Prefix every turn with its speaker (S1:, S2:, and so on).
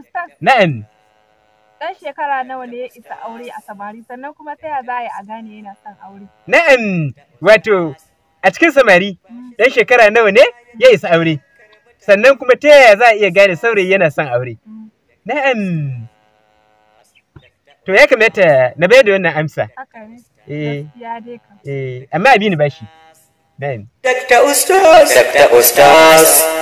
S1: Ustaz. Na'am. Dan shekara nawa ne ya isa aure a samari sannan kuma ta yaya
S2: za a yi a gane yana son aure?
S3: Na'am. Wato a cikin samari dan shekara nawa ne ya isa aure? Sannan kuma ta yaya za a iya gane saurayi yana son aure? Na'am. To ya kamata na bai da wannan amsa. Eh. Eh, amma abin bashi. Na'am. Dr.
S4: Ustaz. Dr. Ustaz.